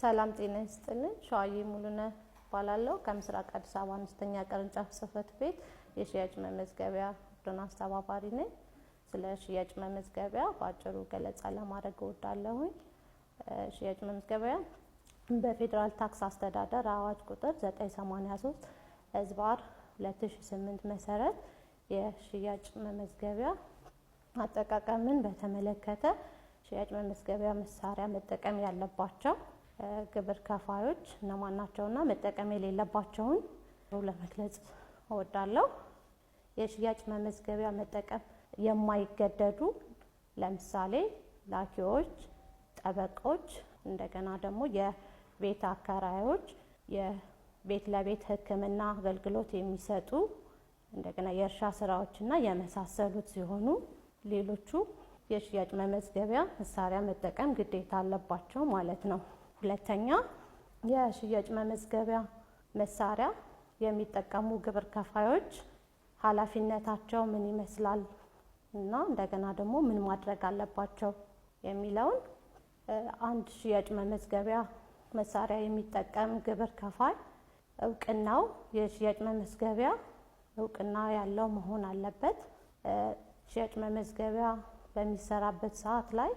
ሰላም ጤና ይስጥልን። ሸዋዬ ሙሉነህ እባላለሁ ከምስራቅ አዲስ አበባ አምስተኛ ቅርንጫፍ ጽህፈት ቤት የሽያጭ መመዝገቢያ ቡድን አስተባባሪ ነኝ። ስለ ሽያጭ መመዝገቢያ በአጭሩ ገለጻ ለማድረግ እወዳለሁኝ። ሽያጭ መመዝገቢያ በፌዴራል ታክስ አስተዳደር አዋጅ ቁጥር 983 ህዝባር 2008 መሰረት የሽያጭ መመዝገቢያ አጠቃቀምን በተመለከተ ሽያጭ መመዝገቢያ መሳሪያ መጠቀም ያለባቸው ግብር ከፋዮች እነማን ናቸውና መጠቀም የሌለባቸውን ለመግለጽ እወዳለሁ። የሽያጭ መመዝገቢያ መጠቀም የማይገደዱ ለምሳሌ ላኪዎች፣ ጠበቆች፣ እንደገና ደግሞ የቤት አከራዮች፣ የቤት ለቤት ሕክምና አገልግሎት የሚሰጡ እንደገና የእርሻ ስራዎችና የመሳሰሉት ሲሆኑ ሌሎቹ የሽያጭ መመዝገቢያ መሳሪያ መጠቀም ግዴታ አለባቸው ማለት ነው። ሁለተኛ የሽያጭ መመዝገቢያ መሳሪያ የሚጠቀሙ ግብር ከፋዮች ኃላፊነታቸው ምን ይመስላል እና እንደገና ደግሞ ምን ማድረግ አለባቸው የሚለውን አንድ ሽያጭ መመዝገቢያ መሳሪያ የሚጠቀም ግብር ከፋይ እውቅናው የሽያጭ መመዝገቢያ እውቅና ያለው መሆን አለበት። ሽያጭ መመዝገቢያ በሚሰራበት ሰዓት ላይ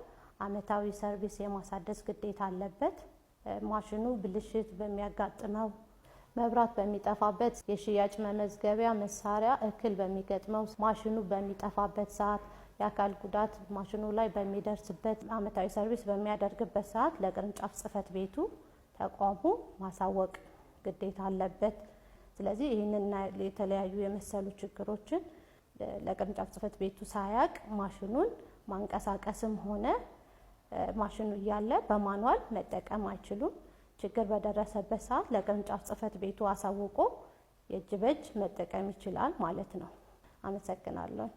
አመታዊ ሰርቪስ የማሳደስ ግዴታ አለበት። ማሽኑ ብልሽት በሚያጋጥመው፣ መብራት በሚጠፋበት፣ የሽያጭ መመዝገቢያ መሳሪያ እክል በሚገጥመው፣ ማሽኑ በሚጠፋበት ሰዓት፣ የአካል ጉዳት ማሽኑ ላይ በሚደርስበት፣ አመታዊ ሰርቪስ በሚያደርግበት ሰዓት ለቅርንጫፍ ጽህፈት ቤቱ ተቋሙ ማሳወቅ ግዴታ አለበት። ስለዚህ ይህንና የተለያዩ የመሰሉ ችግሮችን ለቅርንጫፍ ጽህፈት ቤቱ ሳያቅ ማሽኑን ማንቀሳቀስም ሆነ ማሽኑ እያለ በማንዋል መጠቀም አይችሉም። ችግር በደረሰበት ሰዓት ለቅርንጫፍ ጽህፈት ቤቱ አሳውቆ የእጅ በእጅ መጠቀም ይችላል ማለት ነው። አመሰግናለሁ።